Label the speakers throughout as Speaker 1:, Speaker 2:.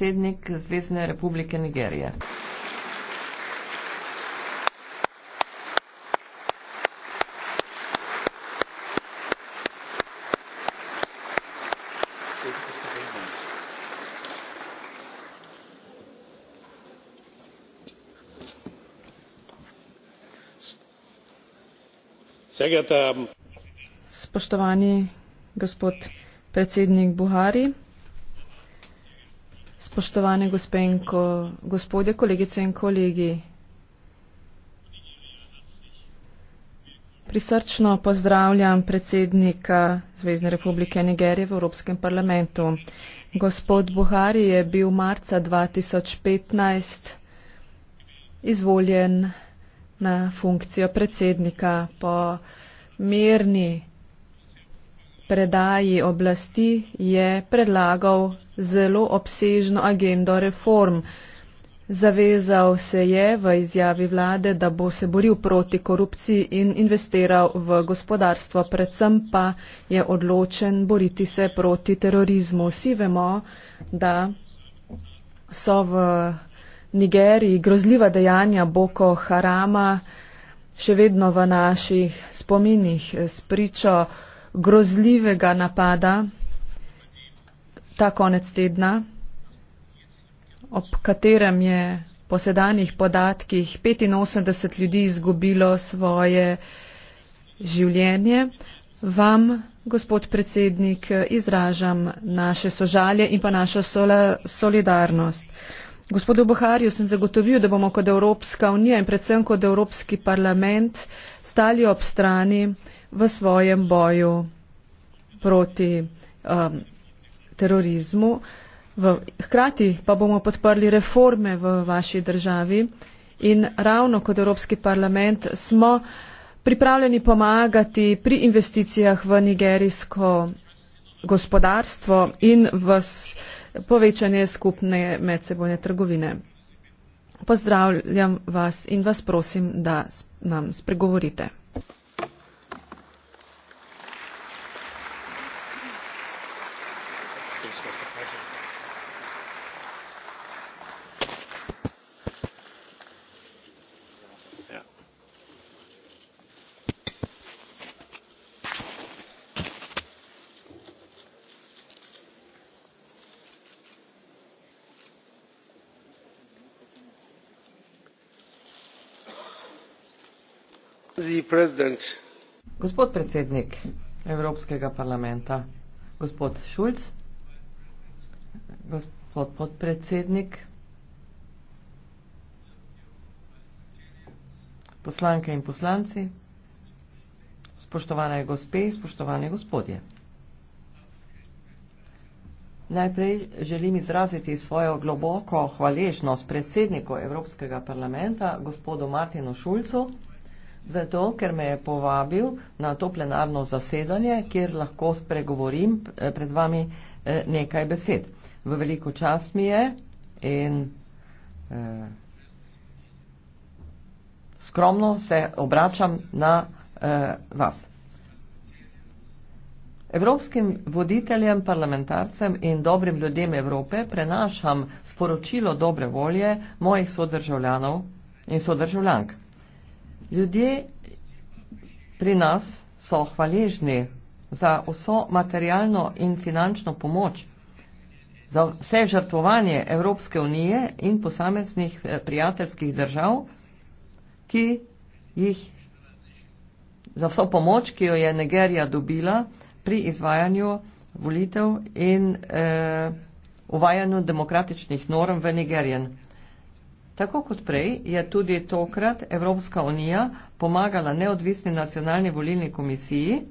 Speaker 1: predsednik Zvezdne republike Nigerije.
Speaker 2: Spoštovani gospod predsednik Buhari, spoštovane gospe in ko, gospode, kolegice in kolegi. Prisrčno pozdravljam predsednika Zvezdne republike Nigerije v Evropskem parlamentu. Gospod Buhari je bil marca 2015 izvoljen na funkcijo predsednika po mirni predaji oblasti je predlagal zelo obsežno agendo reform. Zavezal se je v izjavi vlade, da bo se boril proti korupciji in investiral v gospodarstvo, predvsem pa je odločen boriti se proti terorizmu. Vsi vemo, da so v Nigeriji grozljiva dejanja Boko Harama še vedno v naših spominih spričo grozljivega napada ta konec tedna, ob katerem je po sedanjih podatkih 85 ljudi izgubilo svoje življenje. Vam, gospod predsednik, izražam naše sožalje in pa našo solidarnost. Gospodu Boharju sem zagotovil, da bomo kot Evropska unija in predvsem kot Evropski parlament stali ob strani v svojem boju proti um, terorizmu. V, hkrati pa bomo podprli reforme v vaši državi in ravno kot Evropski parlament smo pripravljeni pomagati pri investicijah v nigerijsko gospodarstvo in v povečanje skupne medsebojne trgovine. Pozdravljam vas in vas prosim, da nam spregovorite.
Speaker 1: Gospod predsednik Evropskega parlamenta, gospod Šulc, gospod podpredsednik, poslanke in poslanci, spoštovane gospe, spoštovane gospodje. Najprej želim izraziti svojo globoko hvaležnost predsedniku Evropskega parlamenta, gospodu Martinu Šulcu. Zato, ker me je povabil na to plenarno zasedanje, kjer lahko spregovorim eh, pred vami eh, nekaj besed. V veliko čas mi je in eh, skromno se obračam na eh, vas. Evropskim voditeljem, parlamentarcem in dobrim ljudem Evrope prenašam sporočilo dobre volje mojih sodržavljanov in sodržavljank. Ljudje pri nas so hvaležni za vso materialno in finančno pomoč, za vse žrtvovanje Evropske unije in posameznih eh, prijateljskih držav, ki jih za vso pomoč, ki jo je Nigerija dobila pri izvajanju volitev in eh, uvajanju demokratičnih norm v Nigerijan. Tako kot prej je tudi tokrat Evropska unija pomagala neodvisni nacionalni volilni komisiji,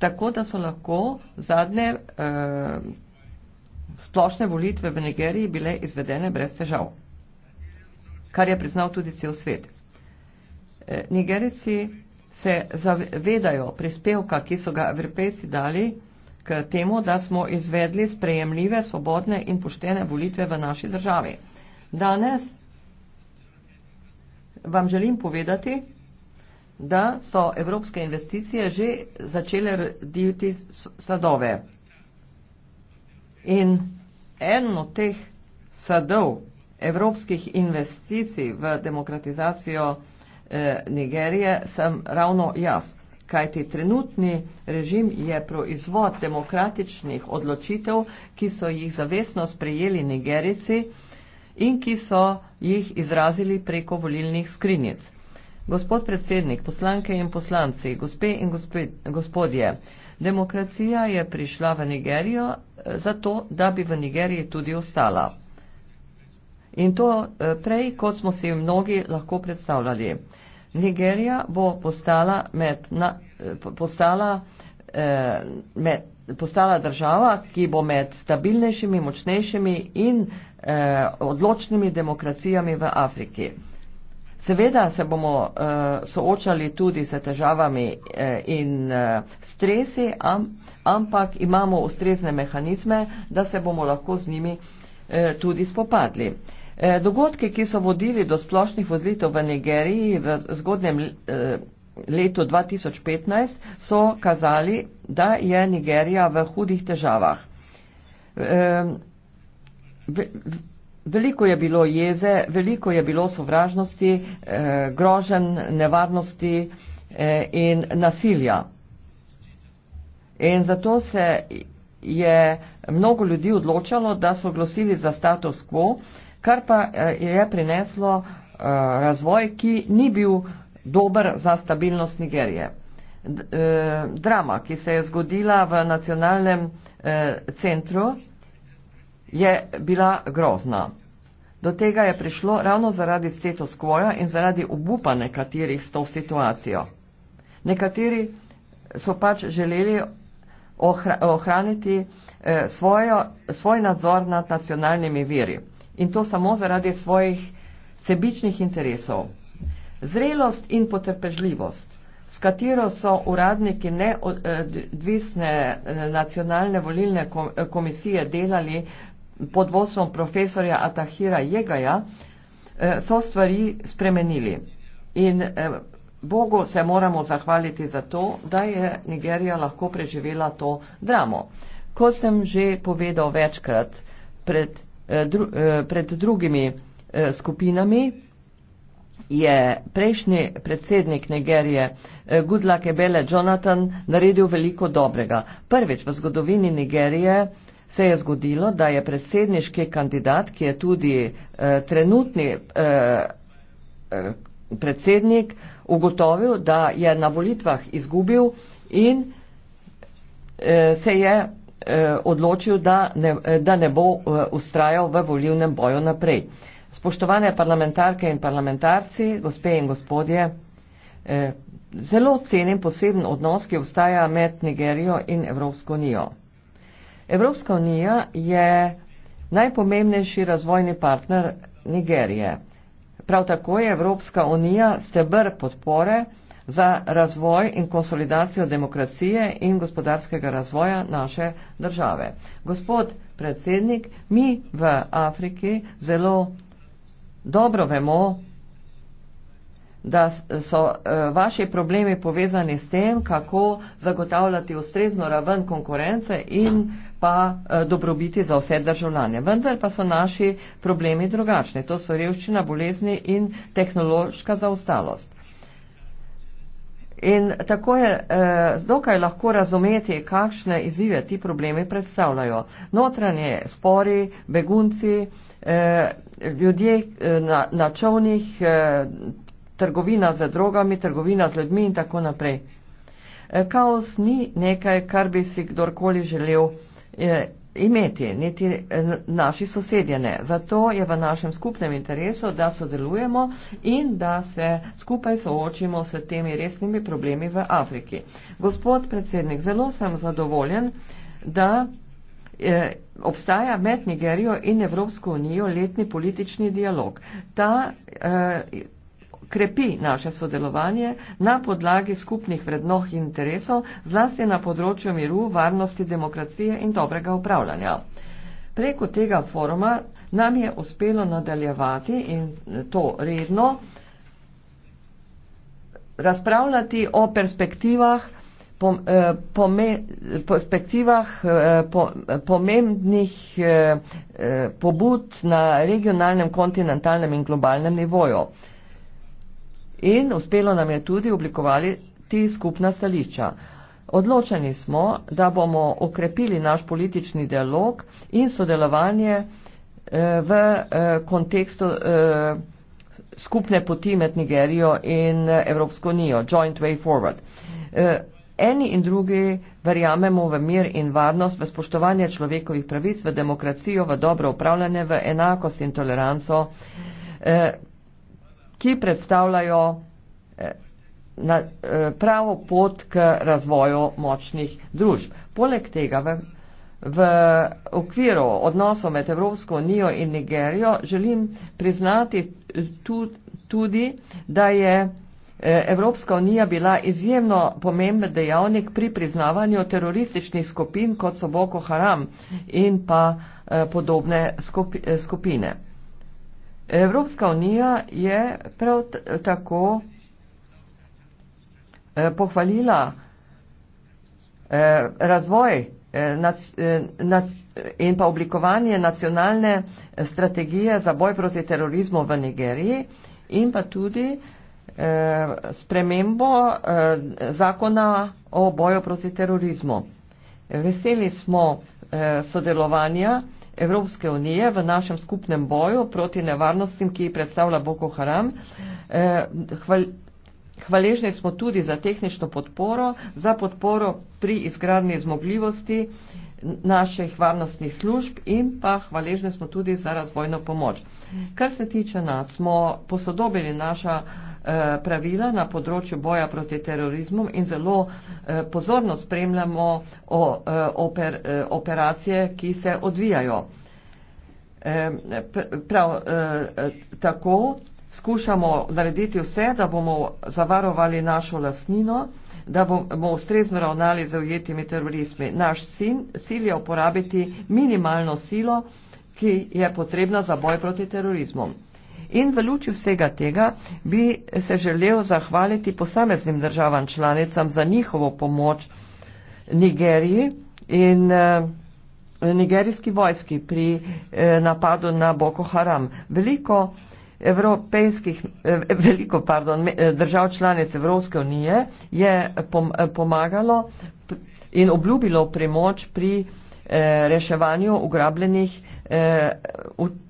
Speaker 1: tako da so lahko zadnje eh, splošne volitve v Nigeriji bile izvedene brez težav, kar je priznal tudi cel svet. Eh, Nigerici se zavedajo prispevka, ki so ga evropejci dali k temu, da smo izvedli sprejemljive, svobodne in poštene volitve v naši državi. Danes vam želim povedati, da so evropske investicije že začele rediti sadove. In en od teh sadov evropskih investicij v demokratizacijo eh, Nigerije sem ravno jaz kajti trenutni režim je proizvod demokratičnih odločitev, ki so jih zavestno sprejeli Nigerici in ki so jih izrazili preko volilnih skrinjic. Gospod predsednik, poslanke in poslanci, gospe in gospodje, demokracija je prišla v Nigerijo eh, zato, da bi v Nigeriji tudi ostala. In to eh, prej, kot smo si mnogi lahko predstavljali. Nigerija bo postala, med, na, postala, eh, med, postala država, ki bo med stabilnejšimi, močnejšimi in eh, odločnimi demokracijami v Afriki. Seveda se bomo eh, soočali tudi s težavami eh, in eh, stresi, am, ampak imamo ustrezne mehanizme, da se bomo lahko z njimi eh, tudi spopadli. Eh, Eh, dogodki, ki so vodili do splošnih odlitev v Nigeriji v zgodnjem eh, letu 2015, so kazali, da je Nigerija v hudih težavah. Eh, veliko je bilo jeze, veliko je bilo sovražnosti, grožen, nevarnosti in nasilja. In zato se je mnogo ljudi odločalo, da so glosili za status quo, kar pa eh, je prineslo eh, razvoj, ki ni bil dober za stabilnost Nigerije. Eh, drama, ki se je zgodila v nacionalnem centru, je bila grozna. Do tega je prišlo ravno zaradi status quoja in zaradi obupa nekaterih s to situacijo. Nekateri so pač želeli ohraniti svojo, svoj nadzor nad nacionalnimi viri in to samo zaradi svojih sebičnih interesov. Zrelost in potrpežljivost, s katero so uradniki neodvisne nacionalne volilne komisije delali pod vodstvom profesorja Atahira Jegaja, eh, so stvari spremenili. In eh, Bogu se moramo zahvaliti za to, da je Nigerija lahko preživela to dramo. Ko sem že povedal večkrat pred dru, eh, pred drugimi eh, skupinami je prejšnji predsednik Nigerije eh, Goodluck Ebele Jonathan naredil veliko dobrega. Prvič v zgodovini Nigerije se je zgodilo, da je predsedniški kandidat, ki je tudi eh, trenutni eh, predsednik, ugotovil, da je na volitvah izgubil in eh, se je Eh, odločil, da ne, eh, da ne bo ustrajal eh, v volivnem boju naprej. Spoštovane parlamentarke in parlamentarci, gospe in gospodje, zelo cenim poseben odnos, ki obstaja med Nigerijo in Evropsko unijo. Evropska unija je najpomembnejši razvojni partner Nigerije. Prav tako je Evropska unija stebr podpore, za razvoj in konsolidacijo demokracije in gospodarskega razvoja naše države. Gospod predsednik, mi v Afriki zelo dobro vemo, da so eh, vaši problemi povezani s tem, kako zagotavljati ustrezno raven konkurence in pa eh, dobrobiti za vse državljane. Vendar pa so naši problemi drugačni. To so revščina, bolezni in tehnološka zaostalost. In tako je eh, dokaj lahko razumeti, kakšne izzive ti problemi predstavljajo. Notranje spori, begunci, eh, ljudje eh, na, na čovnih, eh, trgovina z drogami, trgovina z ljudmi in tako naprej. Eh, kaos ni nekaj, kar bi si kdorkoli želel. Eh, imeti, niti eh, naši sosedje ne. Zato je v našem skupnem interesu, da sodelujemo in da se skupaj soočimo s temi resnimi problemi v Afriki. Gospod predsednik, zelo sem zadovoljen, da eh, obstaja med Nigerijo in Evropsko unijo letni politični dialog. Ta eh, krepi naše sodelovanje na podlagi skupnih vrednoh in interesov, zlasti na področju miru, varnosti, demokracije in dobrega upravljanja. Preko tega foruma nam je uspelo nadaljevati in to redno razpravljati o perspektivah, eh, pome, perspektivah eh, pomembnih eh, pobud na regionalnem, kontinentalnem in globalnem nivoju in uspelo nam je tudi oblikovali ti skupna stališča. Odločeni smo, da bomo okrepili naš politični dialog in sodelovanje eh, v eh, kontekstu eh, skupne poti med Nigerijo in Evropsko unijo, Joint Way Forward. Eni in drugi verjamemo v mir in varnost, v spoštovanje človekovih pravic, v demokracijo, v dobro upravljanje, v enakost in toleranco ki predstavljajo eh, na eh, pravo pot k razvoju močnih družb. Poleg tega v, v okviru odnosov med Evropsko unijo in Nigerijo želim priznati tudi, da je eh, Evropska unija bila izjemno pomemben dejavnik pri priznavanju terorističnih skupin kot so Boko Haram in pa podobne skupine. Evropska unija je prav tako eh, pohvalila eh, razvoj eh, in pa oblikovanje nacionalne strategije za boj proti terorizmu v Nigeriji in pa tudi spremembo zakona o boju proti terorizmu. Veseli smo sodelovanja Evropske unije v našem skupnem boju proti nevarnostim, ki jih predstavlja Boko Haram. Eh, hval, hvaležni smo tudi za tehnično podporo, za podporo pri izgradnji zmogljivosti, naših varnostnih služb in pa hvaležni smo tudi za razvojno pomoč. Kar se tiče nas, smo posodobili naša eh, pravila na področju boja proti terorizmu in zelo eh, pozorno spremljamo eh, oper, operacije, ki se odvijajo. Prav tako skušamo narediti vse, da bomo zavarovali našo lasnino da bomo ustrezno ravnali z ujetimi teroristmi. Naš sin, cilj je uporabiti minimalno silo, ki je potrebna za boj proti terorizmu. In v luči vsega tega bi se želel zahvaliti posameznim državam članicam za njihovo pomoč Nigeriji in eh, nigerijski vojski pri eh, napadu na Boko Haram. Veliko evropskih, eh, veliko, pardon, eh, držav članic Evropske unije je eh, pomagalo in obljubilo premoč pri reševanju ugrabljenih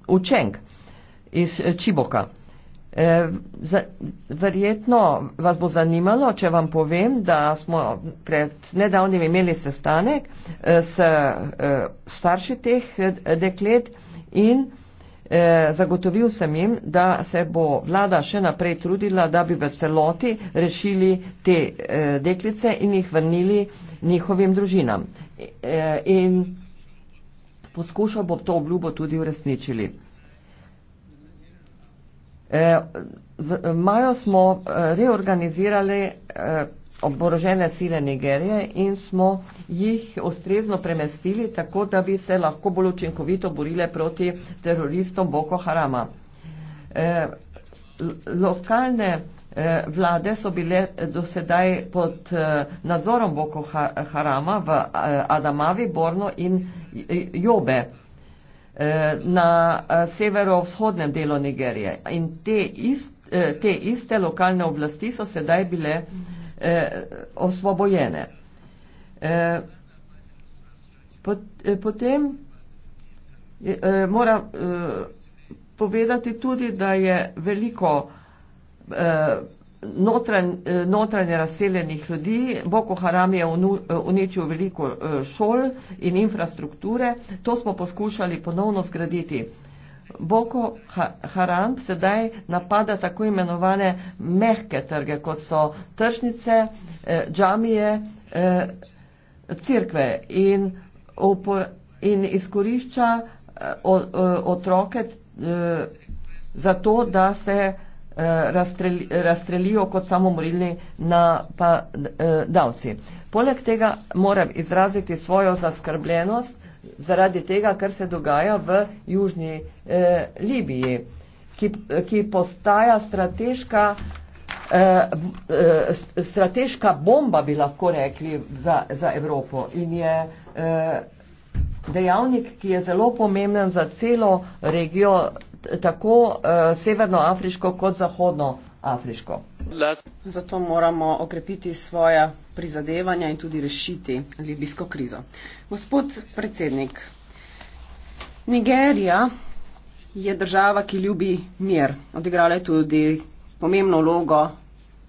Speaker 1: učenk iz Čiboka. Verjetno vas bo zanimalo, če vam povem, da smo pred nedavnim imeli sestanek s starši teh deklet in Eh, zagotovil sem jim, da se bo vlada še naprej trudila, da bi v celoti rešili te eh, deklice in jih vrnili njihovim družinam. Eh, in poskušal bom to obljubo tudi uresničili. Majo smo reorganizirali oborožene sile Nigerije in smo jih ustrezno premestili, tako da bi se lahko bolj učinkovito borile proti teroristom Boko Harama. E, lokalne e, vlade so bile eh, dosedaj pod e, nadzorom Boko Harama v e, Adamavi, Borno in Jobe e, na e, severovzhodnem delu Nigerije. In te, ist, e, te iste lokalne oblasti so sedaj bile mhm. Eh, osvobojene. Eh, eh, potem moram povedati tudi, da je veliko notranj, notranje razseljenih ljudi. Boko Haram je uničil veliko šol in infrastrukture. To smo poskušali ponovno zgraditi. Boko Haram sedaj napada tako imenovane mehke trge, kot so tršnice, eh, džamije, eh, cirkve in, in izkorišča eh, eh, otroke eh, za to, da se eh, razstrelijo kot samomorilni napadalci. Eh, Poleg tega moram izraziti svojo zaskrbljenost, zaradi tega, kar se dogaja v Južni eh, Libiji, ki, eh, ki postaja strateška, eh, eh, strateška bomba, bi lahko rekli, za, za Evropo in je eh, dejavnik, ki je zelo pomemben za celo regijo, tako eh, severnoafriško kot zahodnoafriško.
Speaker 3: Zato moramo okrepiti svoja prizadevanja in tudi rešiti libijsko krizo. Gospod predsednik, Nigerija je država, ki ljubi mir. Odigrala je tudi pomembno vlogo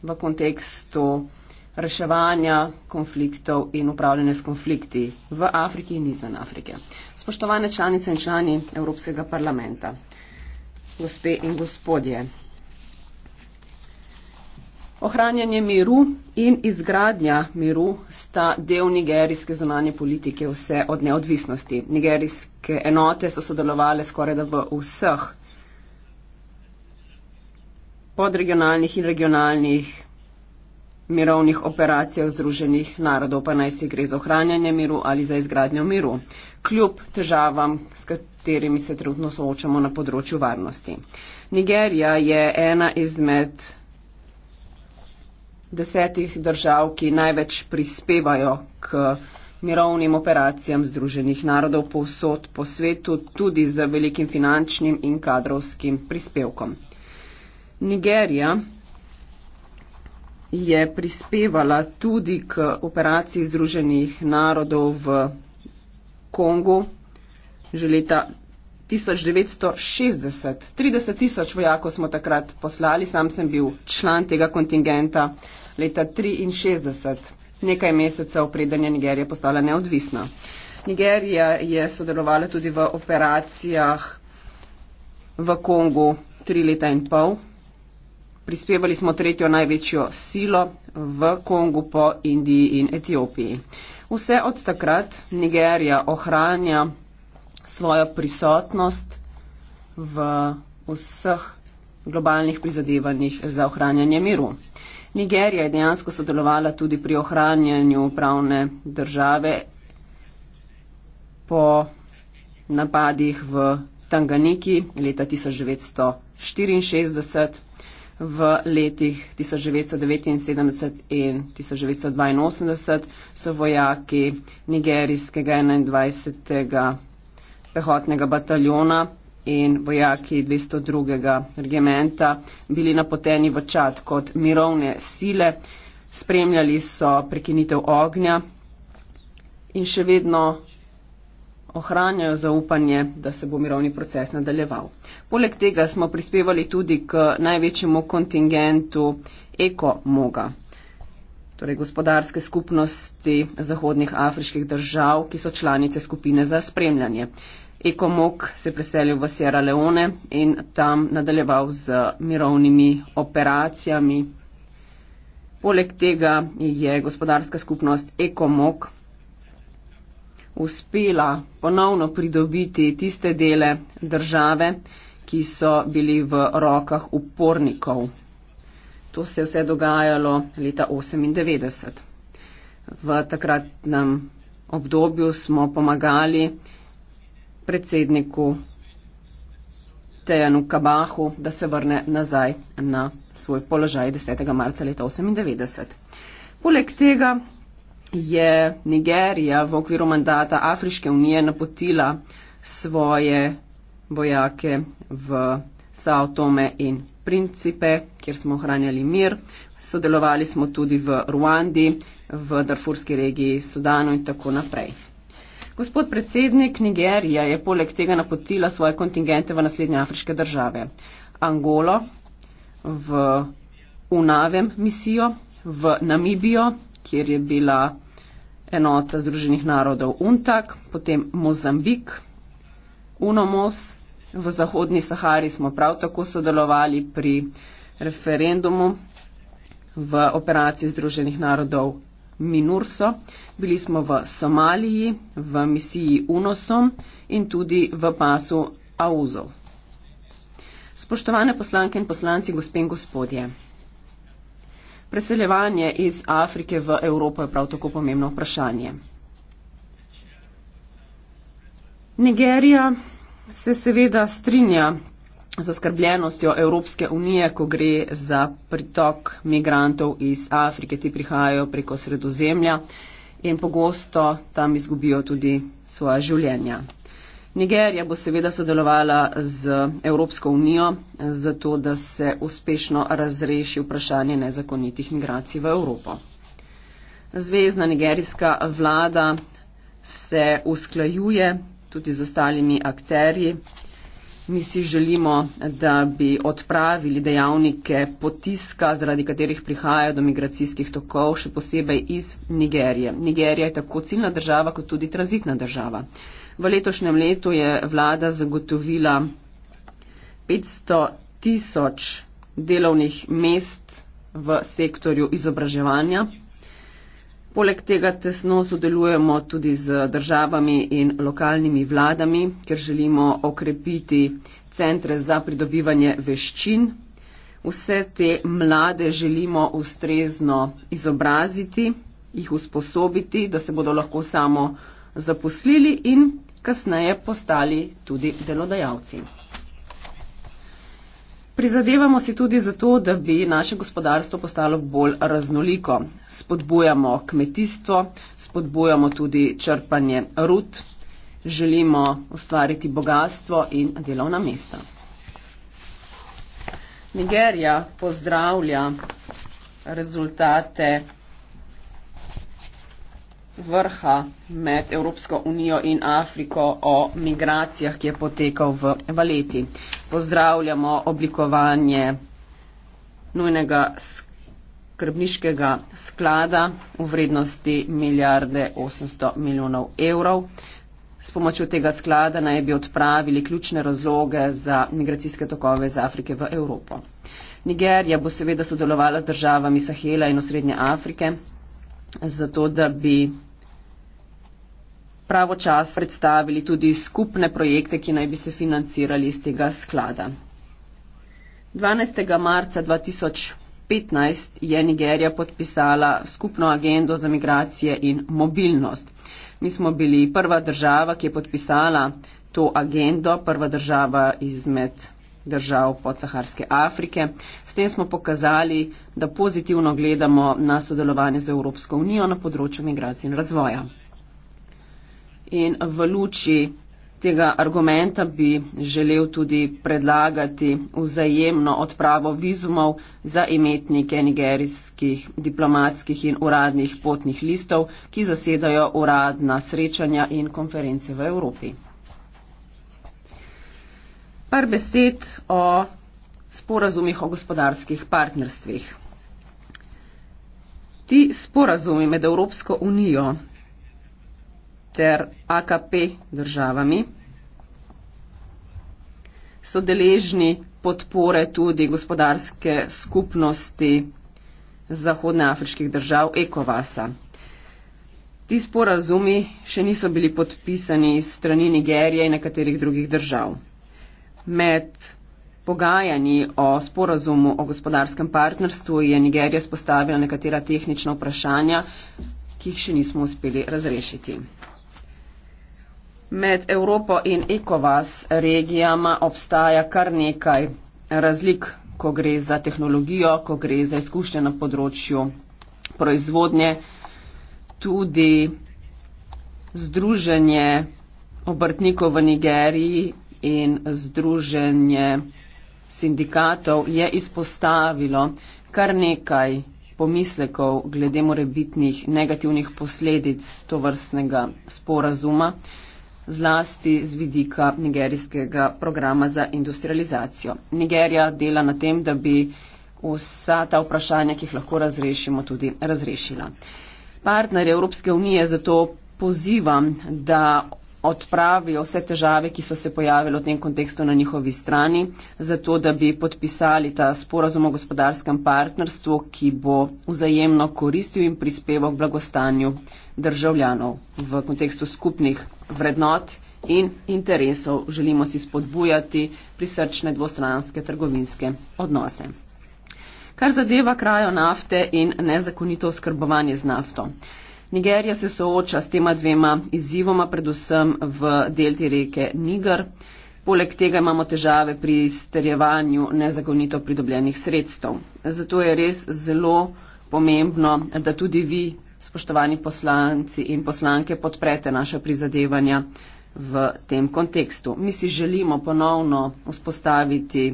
Speaker 3: v kontekstu reševanja konfliktov in upravljanja s konflikti v Afriki in izven Afrike. Spoštovane članice in člani Evropskega parlamenta, gospe in gospodje, Ohranjanje miru in izgradnja miru sta del nigerijske zunanje politike vse od neodvisnosti. Nigerijske enote so sodelovale skoraj da v vseh podregionalnih in regionalnih mirovnih operacijah Združenih narodov, pa naj si gre za ohranjanje miru ali za izgradnjo miru, kljub težavam, s katerimi se trenutno soočamo na področju varnosti. Nigerija je ena izmed desetih držav, ki največ prispevajo k mirovnim operacijam Združenih narodov povsod po svetu, tudi z velikim finančnim in kadrovskim prispevkom. Nigerija je prispevala tudi k operaciji Združenih narodov v Kongu že leta 1960. 30 tisoč vojakov smo takrat poslali, sam sem bil član tega kontingenta leta 1963, nekaj mesecev preden je Nigerija postala neodvisna. Nigerija je sodelovala tudi v operacijah v Kongu tri leta in pol. Prispevali smo tretjo največjo silo v Kongu po Indiji in Etiopiji. Vse od takrat Nigerija ohranja svojo prisotnost v vseh globalnih prizadevanjih za ohranjanje miru. Nigerija je dejansko sodelovala tudi pri ohranjanju pravne države po napadih v Tanganiki leta 1964, v letih 1979 in 1982 so vojaki nigerijskega 21. pehotnega bataljona in vojaki 202. regimenta bili napoteni v čat kot mirovne sile, spremljali so prekinitev ognja in še vedno ohranjajo zaupanje, da se bo mirovni proces nadaljeval. Poleg tega smo prispevali tudi k največjemu kontingentu ekomoga, torej gospodarske skupnosti zahodnih afriških držav, ki so članice skupine za spremljanje. Ekomok se preselil v Sierra Leone in tam nadaljeval z mirovnimi operacijami. Poleg tega je gospodarska skupnost Ekomok uspela ponovno pridobiti tiste dele države, ki so bili v rokah upornikov. To se je vse dogajalo leta 1998. V takratnem obdobju smo pomagali predsedniku Tejanu Kabahu, da se vrne nazaj na svoj položaj 10. marca leta 1998. Poleg tega je Nigerija v okviru mandata Afriške unije napotila svoje vojake v Sao Tome in Principe, kjer smo ohranjali mir. Sodelovali smo tudi v Ruandi, v Darfurski regiji, Sudanu in tako naprej. Gospod predsednik Nigerija je poleg tega napotila svoje kontingente v naslednje afriške države. Angolo, v Unavem misijo, v Namibijo, kjer je bila enota Združenih narodov UNTAK, potem Mozambik, UNOMOS, v Zahodni Sahari smo prav tako sodelovali pri referendumu v operaciji Združenih narodov Minurso, bili smo v Somaliji, v misiji UNOSOM in tudi v pasu AUZOV. Spoštovane poslanke in poslanci, gospe in gospodje. Preseljevanje iz Afrike v Evropo je prav tako pomembno vprašanje. Nigerija se seveda strinja zaskrbljenostjo Evropske unije, ko gre za pritok migrantov iz Afrike, ti prihajajo preko sredozemlja in pogosto tam izgubijo tudi svoja življenja. Nigerija bo seveda sodelovala z Evropsko unijo, zato da se uspešno razreši vprašanje nezakonitih migracij v Evropo. Zvezdna nigerijska vlada se usklajuje tudi z ostalimi akterji. Mi si želimo, da bi odpravili dejavnike potiska, zaradi katerih prihaja do migracijskih tokov, še posebej iz Nigerije. Nigerija je tako ciljna država, kot tudi tranzitna država. V letošnjem letu je vlada zagotovila 500 tisoč delovnih mest v sektorju izobraževanja. Poleg tega tesno sodelujemo tudi z državami in lokalnimi vladami, ker želimo okrepiti centre za pridobivanje veščin. Vse te mlade želimo ustrezno izobraziti, jih usposobiti, da se bodo lahko samo zaposlili in kasneje postali tudi delodajalci. Prizadevamo si tudi zato, da bi naše gospodarstvo postalo bolj raznoliko. Spodbujamo kmetijstvo, spodbujamo tudi črpanje rud, želimo ustvariti bogatstvo in delovna mesta. Nigerija pozdravlja rezultate vrha med Evropsko unijo in Afriko o migracijah, ki je potekal v Valeti. Pozdravljamo oblikovanje nujnega skrbniškega sklada v vrednosti milijarde 800 milijonov evrov. S pomočjo tega sklada naj bi odpravili ključne razloge za migracijske tokove iz Afrike v Evropo. Nigerija bo seveda sodelovala z državami Sahela in osrednje Afrike, zato da bi pravočas predstavili tudi skupne projekte, ki naj bi se financirali iz tega sklada. 12. marca 2015 je Nigerija podpisala skupno agendo za migracije in mobilnost. Mi smo bili prva država, ki je podpisala to agendo, prva država izmed držav podsaharske Afrike. S tem smo pokazali, da pozitivno gledamo na sodelovanje z Evropsko unijo na področju migracij in razvoja. In v luči tega argumenta bi želel tudi predlagati vzajemno odpravo vizumov za imetnike nigerijskih diplomatskih in uradnih potnih listov, ki zasedajo uradna srečanja in konference v Evropi. Par besed o sporazumih o gospodarskih partnerstvih. Ti sporazumi med Evropsko unijo ter AKP državami so deležni podpore tudi gospodarske skupnosti zahodneafriških držav ECOVASA. Ti sporazumi še niso bili podpisani strani Nigerije in nekaterih drugih držav. Med pogajanji o sporazumu o gospodarskem partnerstvu je Nigerija spostavila nekatera tehnična vprašanja, ki jih še nismo uspeli razrešiti. Med Evropo in ECOWAS regijama obstaja kar nekaj razlik, ko gre za tehnologijo, ko gre za izkušnje na področju proizvodnje, tudi združenje obrtnikov v Nigeriji in združenje sindikatov je izpostavilo kar nekaj pomislekov glede morebitnih negativnih posledic to vrstnega sporazuma, zlasti z vidika nigerijskega programa za industrializacijo. Nigerija dela na tem, da bi vsa ta vprašanja, ki jih lahko razrešimo, tudi razrešila. Partner Evropske unije zato pozivam, da odpravijo vse težave, ki so se pojavile v tem kontekstu na njihovi strani, zato da bi podpisali ta sporazum o gospodarskem partnerstvu, ki bo vzajemno koristil in prispeval k blagostanju državljanov v kontekstu skupnih vrednot in interesov. Želimo si spodbujati prisrčne dvostranske trgovinske odnose. Kar zadeva krajo nafte in nezakonito oskrbovanje z nafto. Nigerija se sooča s tema dvema izzivoma, predvsem v delti reke Niger. Poleg tega imamo težave pri izterjevanju nezakonito pridobljenih sredstev. Zato je res zelo pomembno, da tudi vi, spoštovani poslanci in poslanke, podprete naše prizadevanja v tem kontekstu. Mi si želimo ponovno vzpostaviti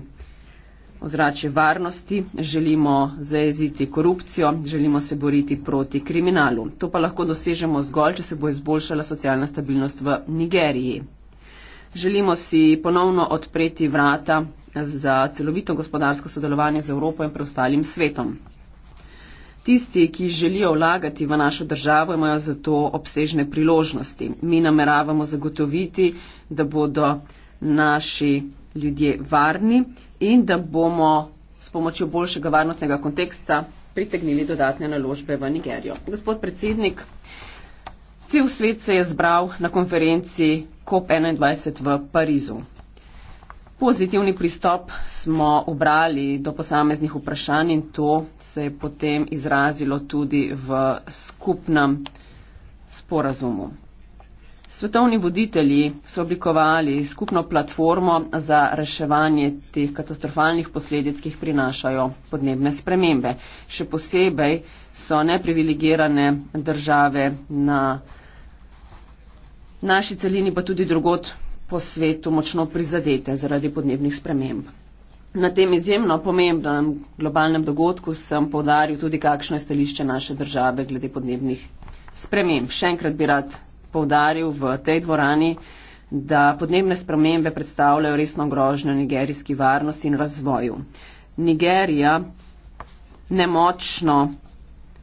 Speaker 3: ozračje varnosti, želimo zajeziti korupcijo, želimo se boriti proti kriminalu. To pa lahko dosežemo zgolj, če se bo izboljšala socialna stabilnost v Nigeriji. Želimo si ponovno odpreti vrata za celovito gospodarsko sodelovanje z Evropo in preostalim svetom. Tisti, ki želijo vlagati v našo državo, imajo zato obsežne priložnosti. Mi nameravamo zagotoviti, da bodo naši ljudje varni in da bomo s pomočjo boljšega varnostnega konteksta pritegnili dodatne naložbe v Nigerijo. Gospod predsednik, cel svet se je zbral na konferenci COP21 v Parizu. Pozitivni pristop smo obrali do posameznih vprašanj in to se je potem izrazilo tudi v skupnem sporazumu. Svetovni voditelji so oblikovali skupno platformo za reševanje teh katastrofalnih posledic, ki jih prinašajo podnebne spremembe. Še posebej so neprivilegirane države na naši celini, pa tudi drugot po svetu, močno prizadete zaradi podnebnih sprememb. Na tem izjemno pomembnem globalnem dogodku sem povdaril tudi, kakšno je stališče naše države glede podnebnih sprememb. Še enkrat bi rad povdaril v tej dvorani, da podnebne spremembe predstavljajo resno grožnjo nigerijski varnosti in razvoju. Nigerija nemočno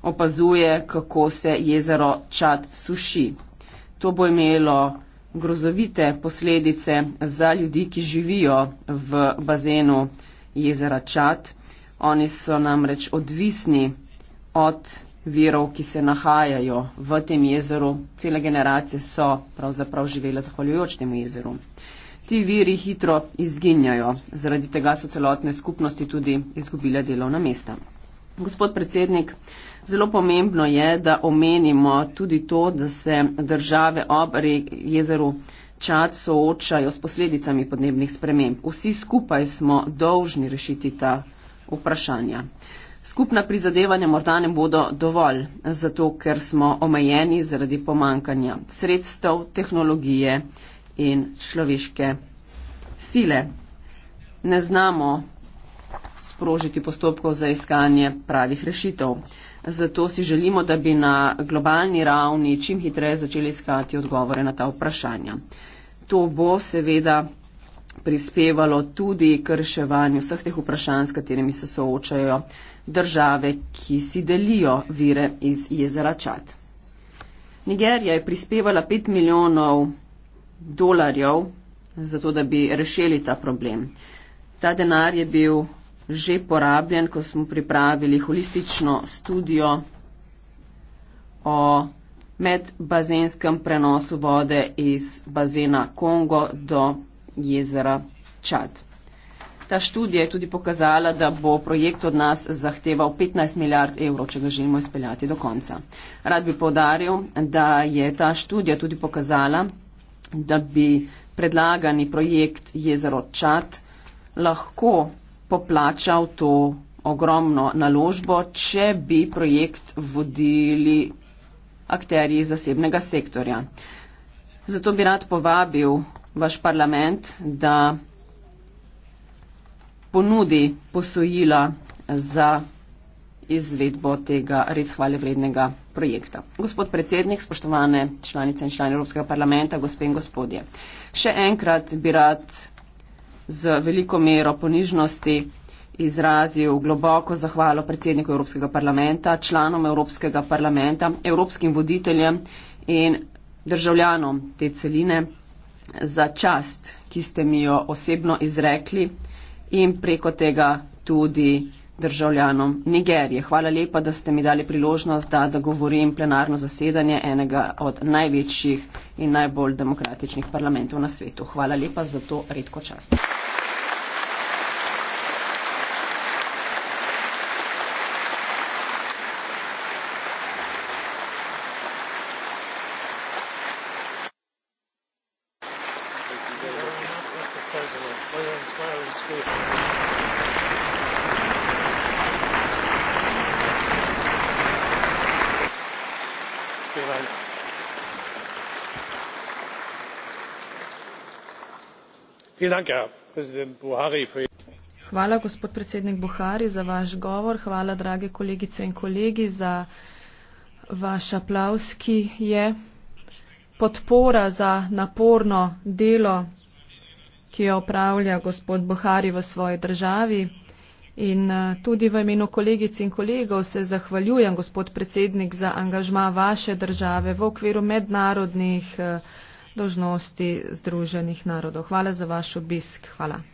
Speaker 3: opazuje, kako se jezero Čad suši. To bo imelo grozovite posledice za ljudi, ki živijo v bazenu jezera Čad. Oni so namreč odvisni od virov, ki se nahajajo v tem jezeru. Cele generacije so pravzaprav živele zahvaljujoč temu jezeru. Ti viri hitro izginjajo, zaradi tega so celotne skupnosti tudi izgubile delovna mesta. Gospod predsednik, zelo pomembno je, da omenimo tudi to, da se države ob jezeru Čad soočajo s posledicami podnebnih sprememb. Vsi skupaj smo dolžni rešiti ta vprašanja. Uh, Skupna prizadevanja morda ne bodo dovolj, zato ker smo omejeni zaradi pomankanja sredstev, tehnologije in človeške sile. Ne znamo sprožiti postopkov za iskanje pravih rešitev. Zato si želimo, da bi na globalni ravni čim hitreje začeli iskati odgovore na ta vprašanja. To bo seveda prispevalo tudi k reševanju vseh teh vprašanj, s katerimi se soočajo države, ki si delijo vire iz jezera Čad. Nigerija je prispevala 5 milijonov dolarjev, zato da bi rešili ta problem. Ta denar je bil že porabljen, ko smo pripravili holistično studijo o medbazenskem prenosu vode iz bazena Kongo do jezera Čad. Ta študija je tudi pokazala, da bo projekt od nas zahteval 15 milijard evrov, če ga želimo izpeljati do konca. Rad bi povdaril, da je ta študija tudi pokazala, da bi predlagani projekt jezero Čat lahko poplačal to ogromno naložbo, če bi projekt vodili akterji zasebnega sektorja. Zato bi rad povabil vaš parlament, da ponudi posojila za izvedbo tega res hvale vrednega projekta. Gospod predsednik, spoštovane članice in člani Evropskega parlamenta, gospe in gospodje, še enkrat bi rad z veliko mero ponižnosti izrazil globoko zahvalo predsedniku Evropskega parlamenta, članom Evropskega parlamenta, evropskim voditeljem in državljanom te celine za čast, ki ste mi jo osebno izrekli in preko tega tudi državljanom Nigerije. Hvala lepa, da ste mi dali priložnost, da, da govorim plenarno zasedanje enega od največjih in najbolj demokratičnih parlamentov na svetu. Hvala lepa za to redko čast. Hvala,
Speaker 2: gospod predsednik Buhari, za vaš govor. Hvala, drage kolegice in kolegi, za vaš aplaus, ki je podpora za naporno delo ki jo opravlja gospod Buhari v svoji državi. In eh, tudi v imenu kolegic in kolegov se zahvaljujem, gospod predsednik, za angažma vaše države v okviru mednarodnih eh, dožnosti Združenih narodov. Hvala za vaš obisk. Hvala.